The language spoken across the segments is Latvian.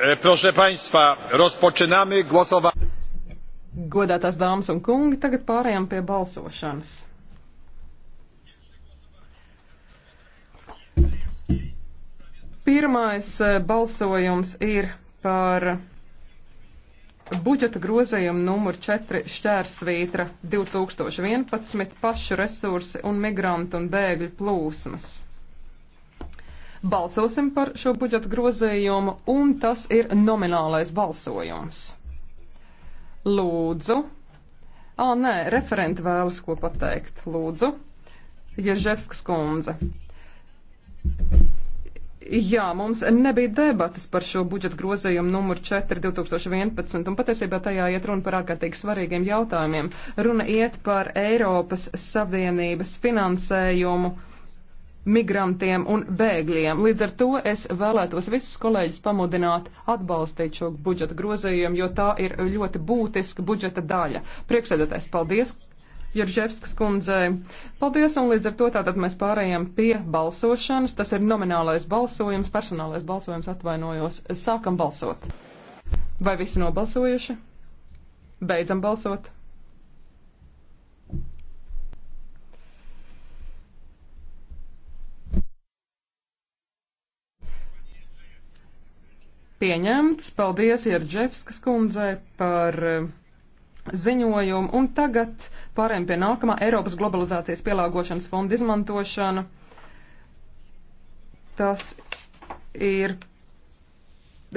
E, proszę Państwa, rozpoczynamy głosowanie. Godātās dāmas un kungi, tagad pārējām pie balsošanas. Pirmais e, balsojums ir par budžeta grozījumu numur 4 šķērsvītra 2011 pašu resursi un migrantu un bēgļu plūsmas. Balsosim par šo budžeta grozījumu, un tas ir nominālais balsojums. Lūdzu. Ā, nē, referenti vēlas ko pateikt. Lūdzu. Ježevskas kundze. Jā, mums nebija debatas par šo budžeta grozījumu numur 4 2011, un patiesībā tajā iet runa par ārkārtīgi svarīgiem jautājumiem. Runa iet par Eiropas Savienības finansējumu migrantiem un bēgļiem. Līdz ar to es vēlētos visus kolēģus pamudināt atbalstīt šo budžeta grozījumu, jo tā ir ļoti būtiska budžeta daļa. Priekšsēdētājs, paldies! Jerževskas kundzei. Paldies, un līdz ar to tātad mēs pārējām pie balsošanas. Tas ir nominālais balsojums, personālais balsojums atvainojos. Sākam balsot. Vai visi nobalsojuši? Beidzam balsot. pieņemts. Paldies Ierģevskas kundzei par eh, ziņojumu. Un tagad pārējām pie nākamā Eiropas globalizācijas pielāgošanas fonda izmantošana. Tas ir.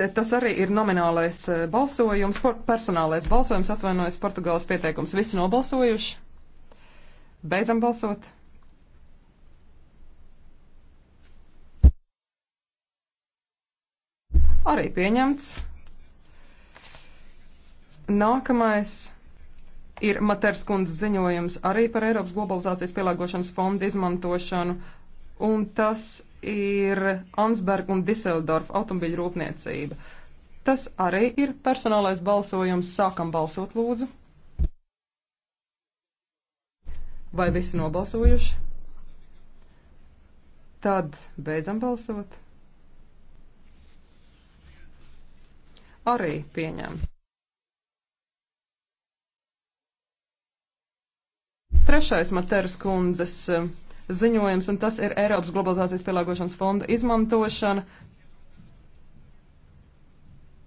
Eh, tas arī ir nominālais eh, balsojums, personālais balsojums, atvainojas Portugāles pieteikums. Visi nobalsojuši? Beidzam balsot! Arī pieņemts. Nākamais ir Materskundas ziņojums arī par Eiropas globalizācijas pielāgošanas fondu izmantošanu, un tas ir Ansberg un Diseldorf automobiļu rūpniecība. Tas arī ir personālais balsojums. Sākam balsot, lūdzu. Vai visi nobalsojuši? Tad beidzam balsot. arī pieņem. Trešais Materas kundzes eh, ziņojums, un tas ir Eiropas globalizācijas pielāgošanas fonda izmantošana.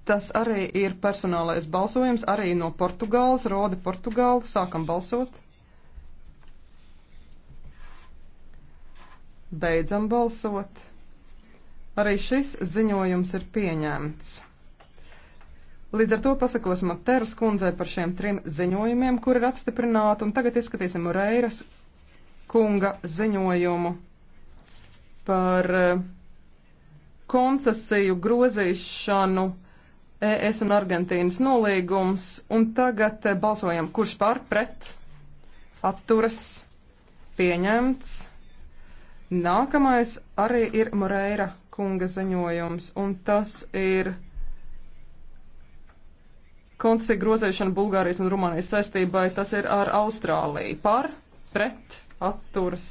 Tas arī ir personālais balsojums, arī no Portugāles, Rode Portugāla. Sākam balsot. Beidzam balsot. Arī šis ziņojums ir pieņemts. Līdz ar to pasakosim Materas kundzei par šiem trim ziņojumiem, kur ir apstiprināti, un tagad izskatīsim Reiras kunga ziņojumu par eh, koncesiju grozīšanu ES un Argentīnas nolīgums, un tagad eh, balsojam, kurš par pret atturas pieņemts. Nākamais arī ir Moreira kunga ziņojums, un tas ir Konstitūcija grozēšana Bulgārijas un Rumānijas saistībai tas ir ar Austrāliju. Par, pret, atturs,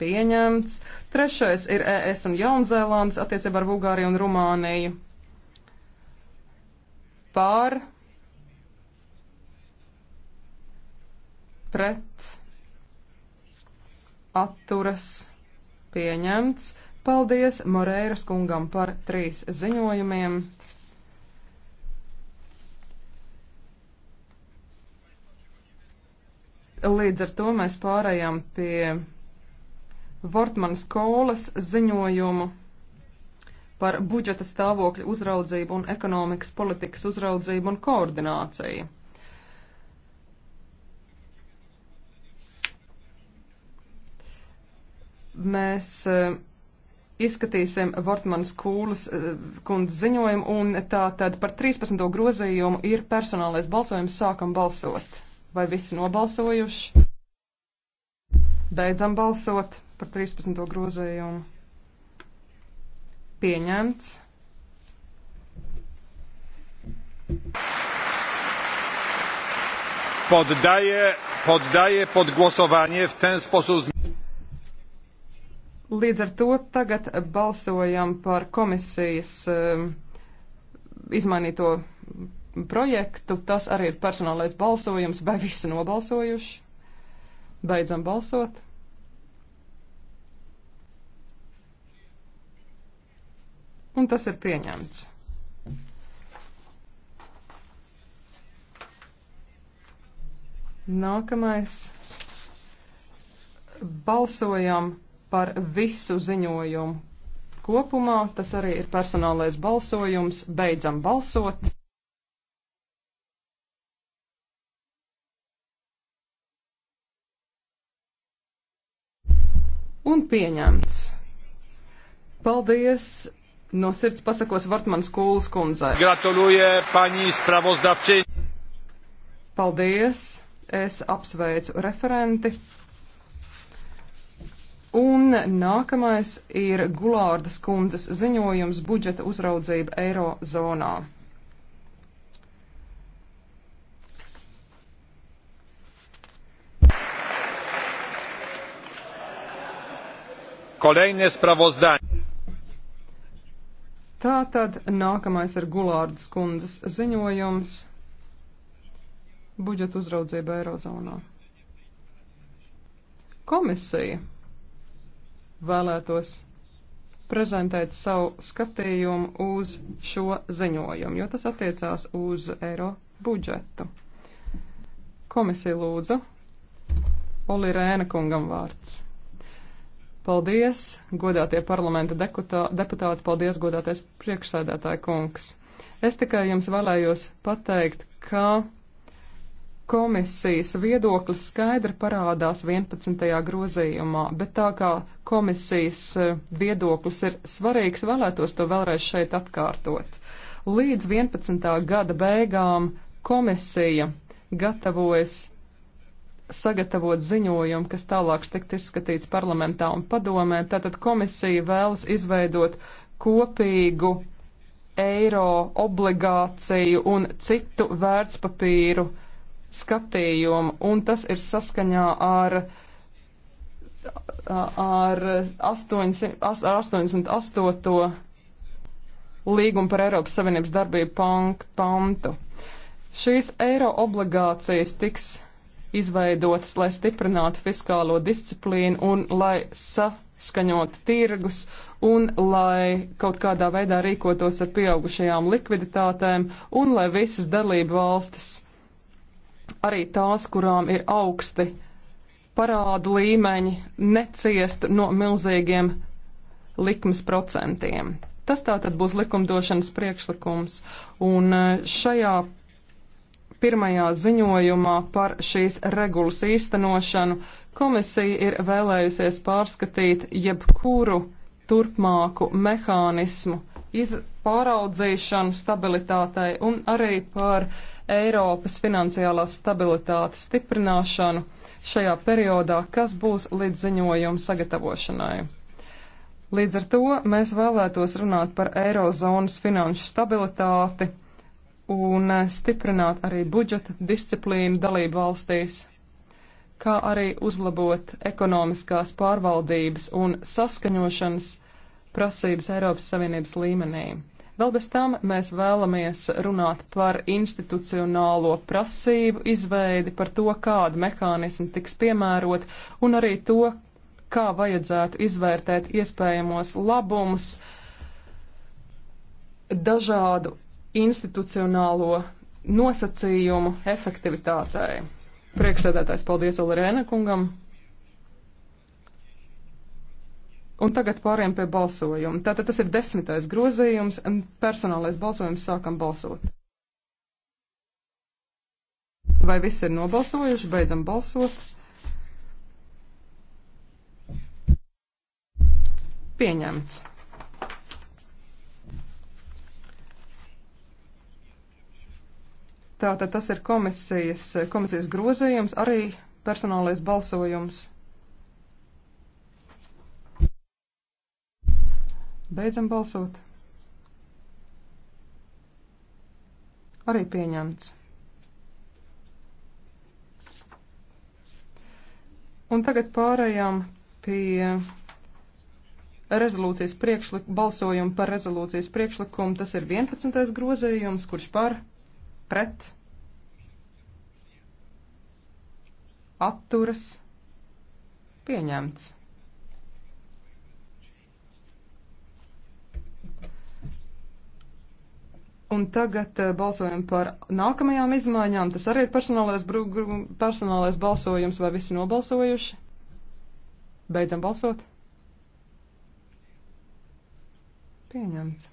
pieņemts. Trešais ir ES un Jaunzēlands attiecībā ar Bulgāriju un Rumāniju. Par, pret, atturas, pieņemts. Paldies Moreiras kungam par trīs ziņojumiem. Līdz ar to mēs pārējām pie Vortmanas skolas ziņojumu par budžeta stāvokļa uzraudzību un ekonomikas politikas uzraudzību un koordināciju. Mēs eh, izskatīsim Vortmanas kūlas eh, kundzes ziņojumu un tā tad par 13. grozījumu ir personālais balsojums sākam balsot. Vai visi nobalsojuši? Beidzam balsot par 13. grozējumu. Pieņemts. Poddaję, poddaję pod głosowanie w ten sposób. Līdz ar to tagad balsojam par komisijas um, izmainīto projektu. Tas arī ir personālais balsojums. Vai visi nobalsojuši? Beidzam balsot. Un tas ir pieņemts. Nākamais. Balsojam par visu ziņojumu kopumā. Tas arī ir personālais balsojums. Beidzam balsot. un pieņemts. Paldies! No sirds pasakos Vartmanas Kūlas kundzei. Gratuluje, paņī spravozdapči! Paldies! Es apsveicu referenti. Un nākamais ir Gulārdas kundzes ziņojums budžeta uzraudzība Eirozonā. Kolejne sprawozdanie. Tātad nākamais ir Gulārdas kundzes ziņojums budžeta uzraudzība Eirozonā. Komisija vēlētos prezentēt savu skatījumu uz šo ziņojumu, jo tas attiecās uz eiro budžetu. Komisija lūdzu. Oli Rēna kungam vārds. Paldies, godātie parlamenta deputāti, paldies, godātais priekšsēdētāja kungs. Es tikai jums vēlējos pateikt, ka komisijas viedoklis skaidri parādās 11. grozījumā, bet tā kā komisijas eh, viedoklis ir svarīgs, vēlētos to vēlreiz šeit atkārtot. Līdz 11. gada beigām komisija gatavojas sagatavot ziņojumu, kas tālāk tikt izskatīts parlamentā un padomē. Tātad komisija vēlas izveidot kopīgu eiro obligāciju un citu vērtspapīru skatījumu, un tas ir saskaņā ar ar 88. 88 līgumu par Eiropas Savienības darbību pantu. Šīs eiro obligācijas tiks izveidotas, lai stiprinātu fiskālo disciplīnu un lai saskaņot tirgus un lai kaut kādā veidā rīkotos ar pieaugušajām likviditātēm un lai visas dalību valstis, arī tās, kurām ir augsti parādu līmeņi, neciestu no milzīgiem likmes procentiem. Tas tā tad būs likumdošanas priekšlikums. Un eh, šajā pirmajā ziņojumā par šīs regulas īstenošanu komisija ir vēlējusies pārskatīt jebkuru turpmāku mehānismu pāraudzīšanu stabilitātei un arī par Eiropas finansiālās stabilitātes stiprināšanu šajā periodā, kas būs līdz ziņojumu sagatavošanai. Līdz ar to mēs vēlētos runāt par Eirozonas finanšu stabilitāti un eh, stiprināt arī budžeta disciplīnu dalību valstīs, kā arī uzlabot ekonomiskās pārvaldības un saskaņošanas prasības Eiropas Savienības līmenī. Vēl bez tam mēs vēlamies runāt par institucionālo prasību izveidi, par to, kāda mehānismi tiks piemērot, un arī to, kā vajadzētu izvērtēt iespējamos labumus dažādu institucionālo nosacījumu efektivitātei. Priekšsēdētājs paldies Olirēna kungam. Un tagad pāriem pie balsojuma. Tātad tas ir desmitais grozījums, personālais balsojums, sākam balsot. Vai viss ir nobalsojuši, beidzam balsot? Pieņemts. Tātad tas ir komisijas, komisijas grozījums, arī personālais balsojums. Beidzam balsot. Arī pieņemts. Un tagad pārējām pie rezolūcijas priekšlikuma, balsojumu par rezolūcijas priekšlikumu. Tas ir 11. grozījums, kurš par pret, atturas, pieņemts. Un tagad uh, balsojam par nākamajām izmaiņām. Tas arī ir personālais, brug, personālais balsojums, vai visi nobalsojuši? Beidzam balsot. Pieņemts.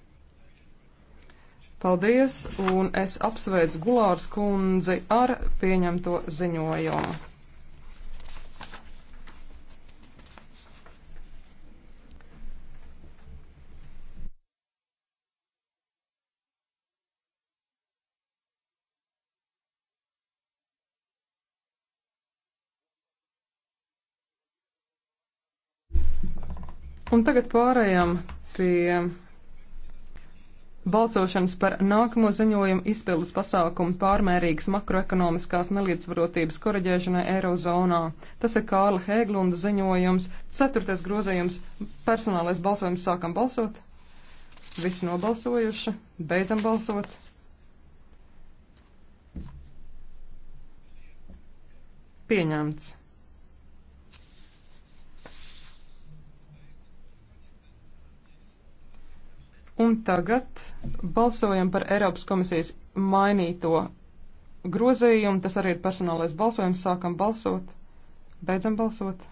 Paldies, un es apsveicu Gulārs kundzi ar pieņemto ziņojumu. Un tagad pārējām pie Balsošanas par nākamo ziņojumu izpildes pasākumu pārmērīgas makroekonomiskās nelīdzvarotības koreģēšanai Eirozonā. Tas ir Kārla Hēglunda ziņojums. Ceturtais grozījums - personālais balsojums. Sākam balsot. Visi nobalsojuši. Beidzam balsot. Pieņemts. Un tagad balsojam par Eiropas komisijas mainīto grozījumu. Tas arī ir personālais balsojums. Sākam balsot, beidzam balsot.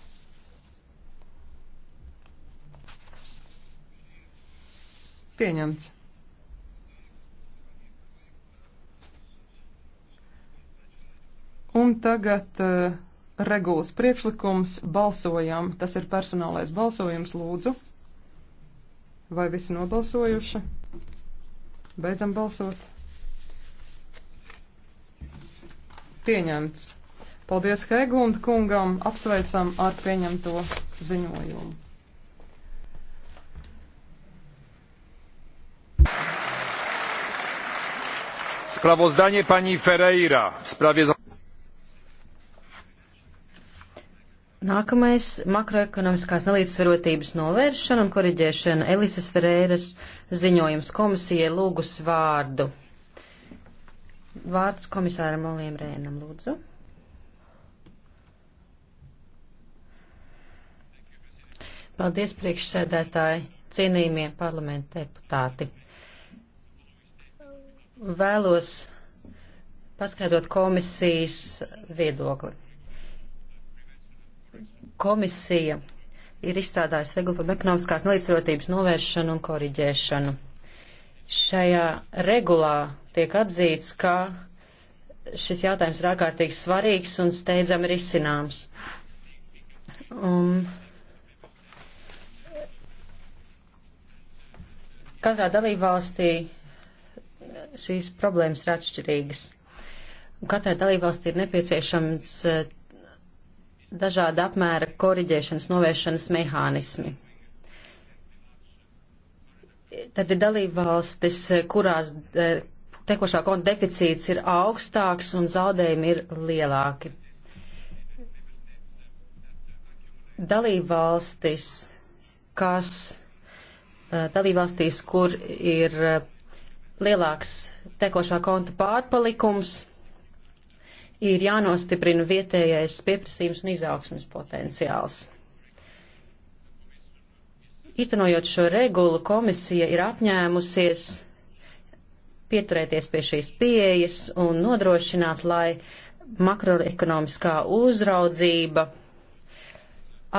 Pieņemts. Un tagad uh, regulas priekšlikums balsojam. Tas ir personālais balsojums, lūdzu. Vai visi nobalsojuši? Beidzam balsot. Pieņemts. Paldies Hegunda kungam, apsveicam ar pieņemto ziņojumu. Sprawozdanie pani Ferreira w sprawie Nākamais - makroekonomiskās nelīdzsvarotības novēršana un koriģēšana Elises Ferēras ziņojums komisijai lūgus vārdu. Vārds komisāram Oliem Rēnam, lūdzu. Paldies, priekšsēdētāji, cienījumie parlamenta deputāti. Vēlos paskaidrot komisijas viedokli komisija ir izstrādājusi regulu par ekonomiskās nelīdzsvarotības novēršanu un koriģēšanu. Šajā regulā tiek atzīts, ka šis jautājums ir ārkārtīgi svarīgs un steidzami risināms. Um, katrā dalībvalstī šīs problēmas ir atšķirīgas. Katrai dalībvalstī ir nepieciešams eh, dažāda apmēra koriģēšanas novēršanas mehānismi. Tad ir dalībvalstis, kurās eh, tekošā konta deficīts ir augstāks un zaudējumi ir lielāki. Dalībvalstis, kas eh, dalībvalstīs, kur ir eh, lielāks tekošā konta pārpalikums, ir jānostiprina vietējais pieprasījums un izaugsmas potenciāls. Iztenojot šo regulu, komisija ir apņēmusies pieturēties pie šīs pieejas un nodrošināt, lai makroekonomiskā uzraudzība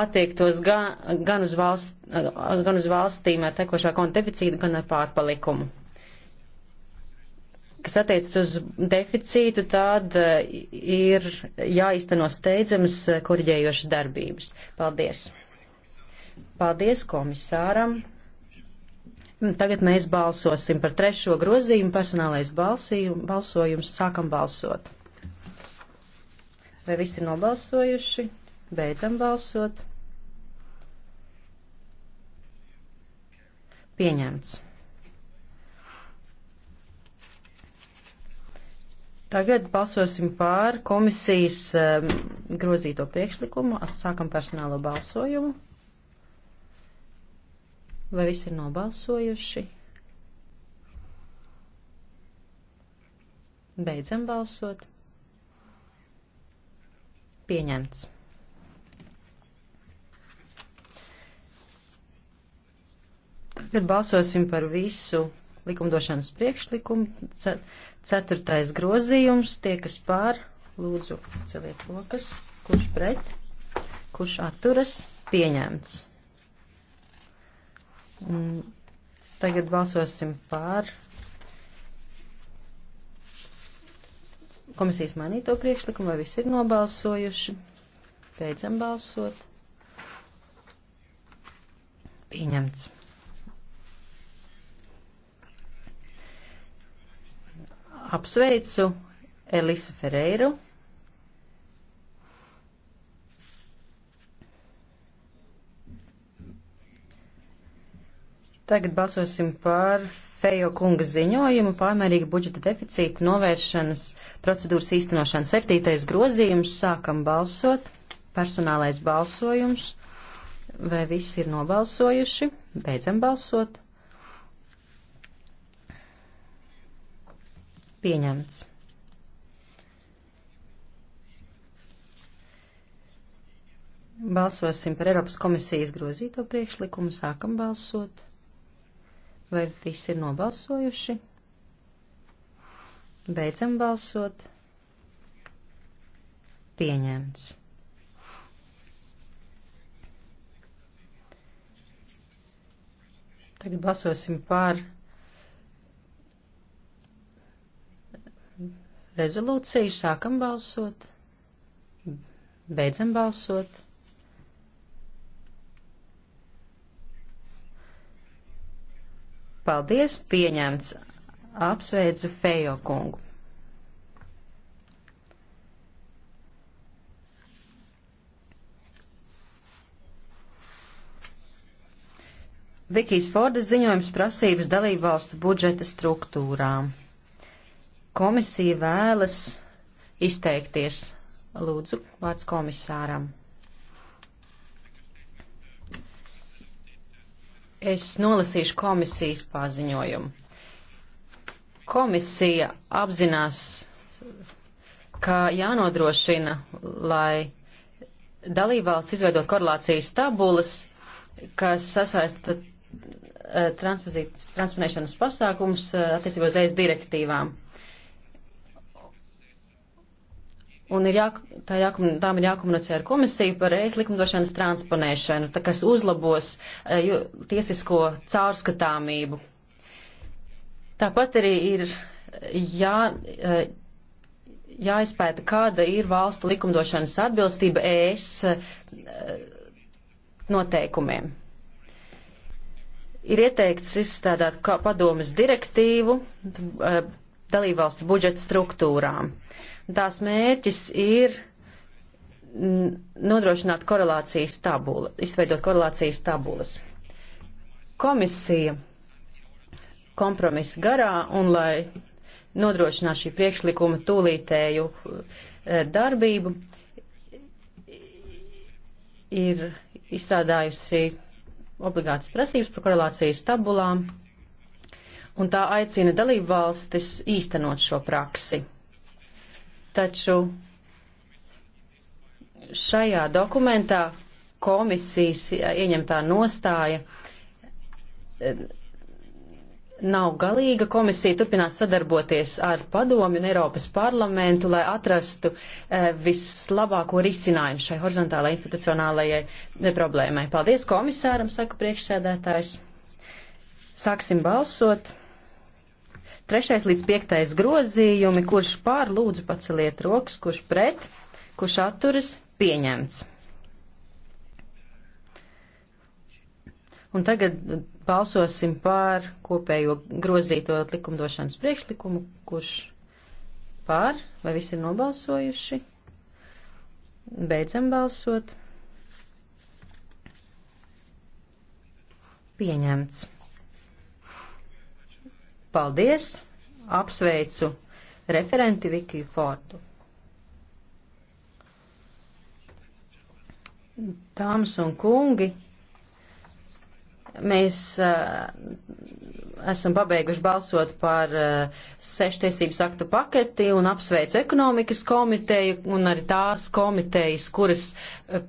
attiektos gan, gan, uz valst, gan uz valstīm ar tekošā konta deficītu, gan ar pārpalikumu kas attiecas uz deficītu, tad eh, ir jāizteno steidzamas eh, korģējošas darbības. Paldies! Paldies komisāram! Mm, tagad mēs balsosim par trešo grozījumu, personālais balsījum, balsojums, sākam balsot. Vai visi ir nobalsojuši? Beidzam balsot. Pieņemts. Tagad balsosim pār komisijas um, grozīto priekšlikumu. Sākam personālo balsojumu. Vai visi ir nobalsojuši? Beidzam balsot. Pieņemts. Tagad balsosim par visu likumdošanas priekšlikumu. Ceturtais grozījums, tie, kas pār, lūdzu, celiet rokas, kurš pret, kurš atturas, pieņemts. Un tagad balsosim pār komisijas mainīto priekšlikumu, vai visi ir nobalsojuši. Beidzam balsot. Pieņemts. Apsveicu Elisa Ferreiru. Tagad balsosim par Fejo kunga ziņojumu pārmērīga budžeta deficīta novēršanas procedūras īstenošana. Septītais grozījums, sākam balsot, personālais balsojums. Vai visi ir nobalsojuši? Beidzam balsot. Pieņemts. Balsosim par Eiropas komisijas grozīto priekšlikumu. Sākam balsot. Vai visi ir nobalsojuši? Beidzam balsot. Pieņemts. Tagad balsosim par rezolūciju, sākam balsot, beidzam balsot. Paldies, pieņemts. Apsveicu Fejo kungu. Vikijas Fordas ziņojums prasības dalību valstu budžeta struktūrām. Komisija vēlas izteikties. Lūdzu, vārds komisāram. Es nolasīšu komisijas paziņojumu. Komisija apzinās, ka jānodrošina, lai dalībvalsts izveidot korelācijas tabulas, kas sasaista eh, transponēšanas pasākums eh, attiecībā uz ES direktīvām. un ir jā, tā jākomun, mm. tām ir jākomunicē ar komisiju par reiz likumdošanas transponēšanu, tā, kas uzlabos e, jo, tiesisko caurskatāmību. Tāpat arī ir jā, e, jāizpēta, kāda ir valstu likumdošanas atbilstība ES e, noteikumiem. Ir ieteikts izstrādāt padomas direktīvu dalībvalstu budžeta struktūrām. Uh, Tās mērķis ir nodrošināt korelācijas tabulu, izveidot korelācijas tabulas. Komisija kompromisa garā un lai nodrošinātu šī priekšlikuma tūlītēju e, darbību, ir izstrādājusi obligātas prasības par korelācijas tabulām, un tā aicina dalību valstis īstenot šo praksi. Taču šajā dokumentā komisijas ieņemtā nostāja e, nav galīga. Komisija turpinās sadarboties ar padomi un Eiropas parlamentu, lai atrastu e, vislabāko risinājumu šai horizontālajai institucionālajai e, problēmai. Paldies komisāram, saka priekšsēdētājs. Sāksim balsot. Trešais līdz piektais grozījumi, kurš pār lūdzu paceliet rokas, kurš pret, kurš atturas pieņemts. Un tagad balsosim pār kopējo grozīto likumdošanas priekšlikumu, kurš pār, vai visi ir nobalsojuši. Beidzam balsot. Pieņemts. Paldies! Apsveicu referenti Vikiju Fortu. Dāmas un kungi, mēs uh, esam pabeiguši balsot par uh, seštiesības aktu paketi un apsveicu ekonomikas komiteju un arī tās komitejas, kuras uh,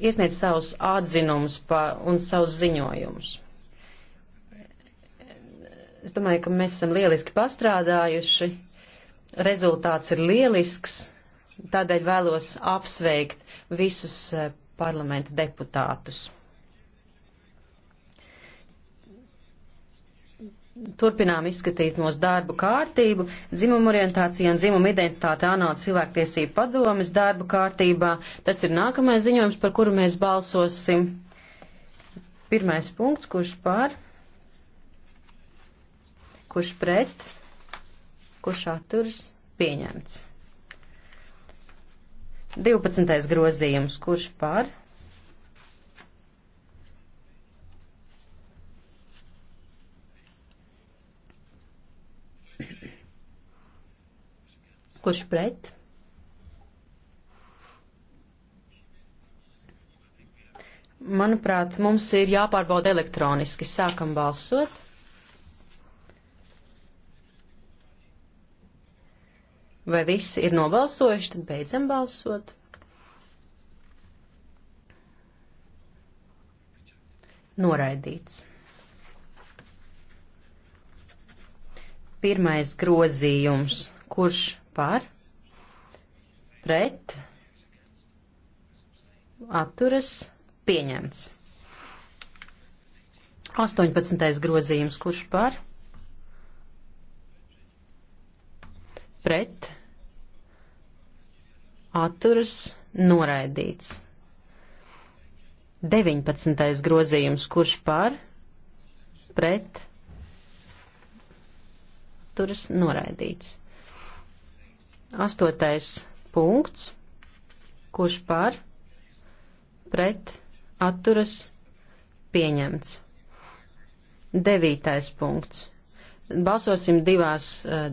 iesniedz savus atzinumus un savus ziņojumus. Es domāju, ka mēs esam lieliski pastrādājuši. Rezultāts ir lielisks. Tādēļ vēlos apsveikt visus eh, parlamenta deputātus. Turpinām izskatīt mūsu darbu kārtību. Dzimuma orientācija un dzimuma identitāte ANO cilvēktiesību padomes darbu kārtībā. Tas ir nākamais ziņojums, par kuru mēs balsosim. Pirmais punkts, kurš pār? kurš pret, kurš atturs pieņemts. 12. grozījums, kurš par, kurš pret, Manuprāt, mums ir jāpārbauda elektroniski. Sākam balsot. Vai visi ir nobalsojuši, tad beidzam balsot. Noraidīts. Pirmais grozījums, kurš par, pret, atturas, pieņemts. 18. grozījums, kurš par, pret pret, atturas, noraidīts. 19. grozījums, kurš par, pret, atturas, noraidīts. 8. punkts, kurš par, pret, atturas, pieņemts. 9. punkts. Balsosim divās. Uh,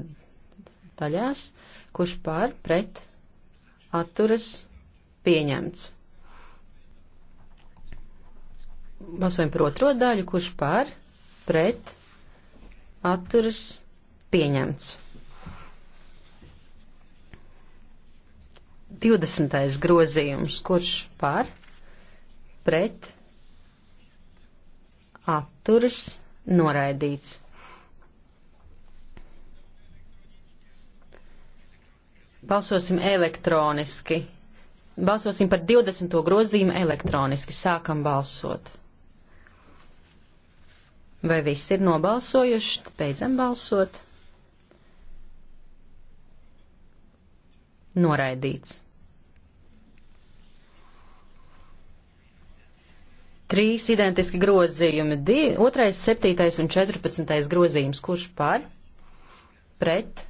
daļās, kurš pār pret atturas pieņemts. Balsojam par otro daļu, kurš pār pret atturas pieņemts. 20. grozījums, kurš par pret atturas noraidīts. Balsosim elektroniski. Balsosim par 20. grozījumu elektroniski. Sākam balsot. Vai visi ir nobalsojuši? Tad beidzam balsot. Noraidīts. Trīs identiski grozījumi. Div, otrais, septītais un četrpadsmitais grozījums. Kurš par? Pret?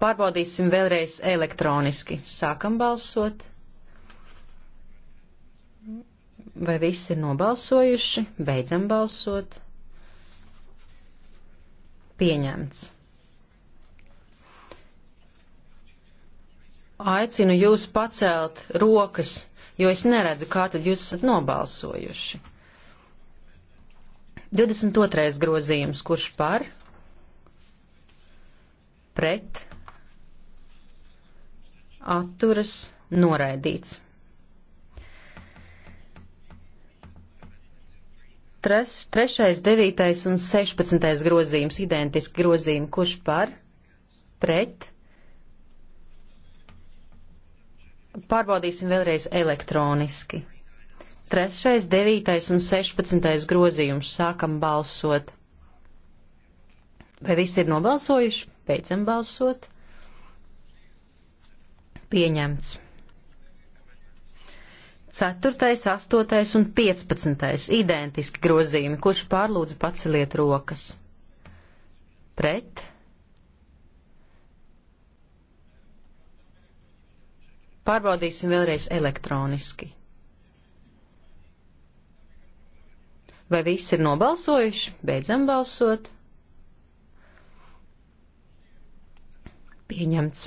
Pārbaudīsim vēlreiz elektroniski. Sākam balsot. Vai visi ir nobalsojuši? Beidzam balsot. Pieņemts. Aicinu jūs pacelt rokas, jo es neredzu, kā tad jūs esat nobalsojuši. 22. grozījums, kurš par? Pret? atturas noraidīts. Tres, trešais, devītais un sešpadsmitais grozījums, identiski grozījumi, kurš par, pret. Pārbaudīsim vēlreiz elektroniski. Trešais, devītais un sešpadsmitais grozījums, sākam balsot. Vai visi ir nobalsojuši? Beidzam balsot pieņemts. 4., 8. un 15. identiski grozījumi, kurš pārlūdzu paceliet rokas. Pret. Pārbaudīsim vēlreiz elektroniski. Vai visi ir nobalsojuši? Beidzam balsot. Pieņemts.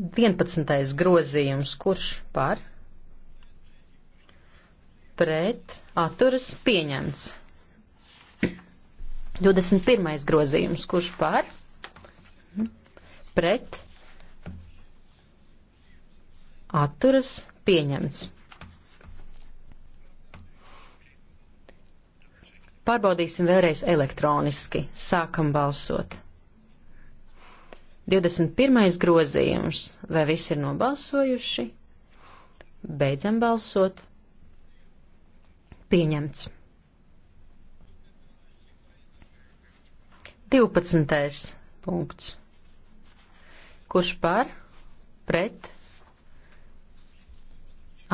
11. grozījums, kurš par? Pret atturas pieņemts. 21. grozījums, kurš par? Pret atturas pieņemts. Pārbaudīsim vēlreiz elektroniski. Sākam balsot. 21. grozījums. Vai visi ir nobalsojuši? Beidzam balsot. Pieņemts. 12. punkts. Kurš par, pret,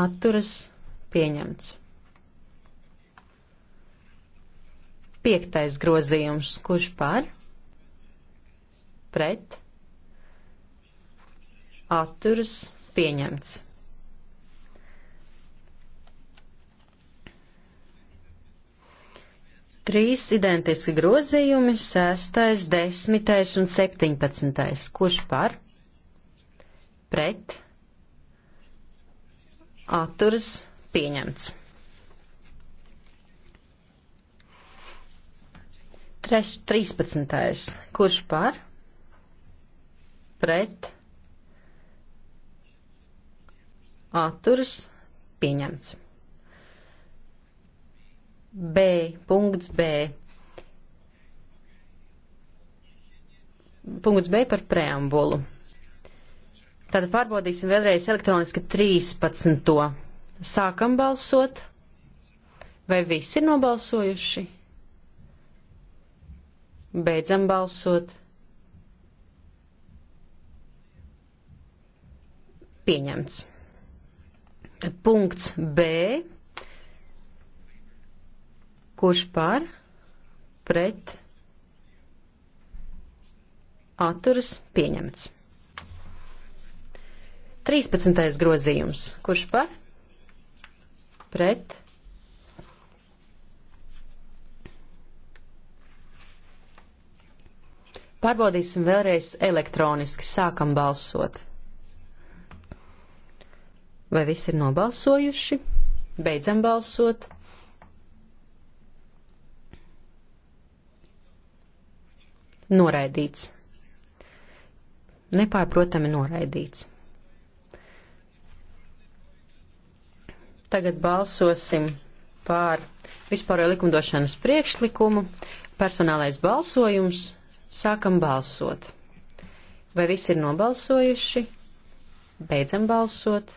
atturas, pieņemts. Piektais grozījums. Kurš par, pret, atturas atturas pieņemts. Trīs identiski grozījumi - sestais, desmitais un septiņpadsmitais. Kurš par? Pret? Atturas pieņemts. Treš, 13. Kurš par? Pret? atturas pieņemts. B. Punkts B. Punkts B par preambulu. Tātad pārbaudīsim vēlreiz elektroniski 13. Sākam balsot. Vai visi ir nobalsojuši? Beidzam balsot. Pieņemts punkts B, kurš par pret atturas pieņemts. 13. grozījums, kurš par pret Pārbaudīsim vēlreiz elektroniski, sākam balsot. Vai visi ir nobalsojuši? Beidzam balsot. Noraidīts. Nepārprotami noraidīts. Tagad balsosim pār vispārējo likumdošanas priekšlikumu. Personālais balsojums. Sākam balsot. Vai visi ir nobalsojuši? Beidzam balsot.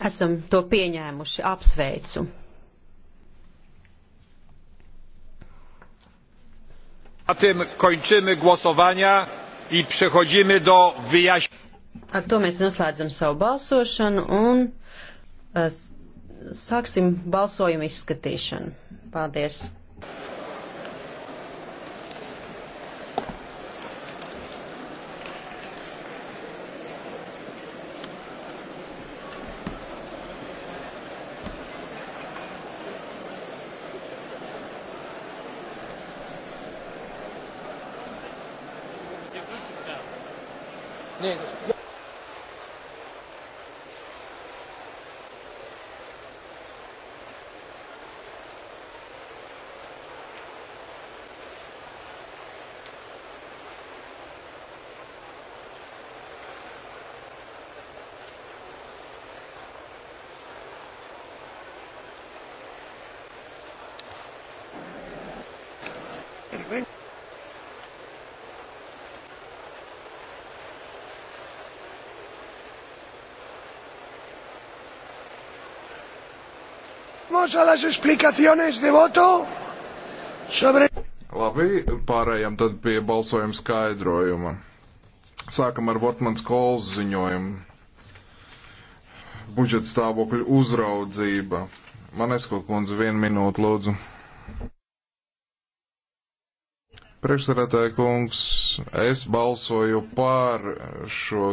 Esam to pieņēmuši, apsveicu. Na tym kończymy głosowania i przechodzimy do wyjaśnienia. Ar to mēs noslēdzam savu balsošanu un uh, sāksim balsojumu izskatīšanu. Paldies! Pasamos a las explicaciones de voto sobre. Labi, pārējām tad pie balsojuma skaidrojuma. Sākam ar Vortmans Kols ziņojumu. Budžeta stāvokļu uzraudzība. Manesko kundze, vienu minūtu lūdzu. Priekšsarētāja kungs, es balsoju pār šo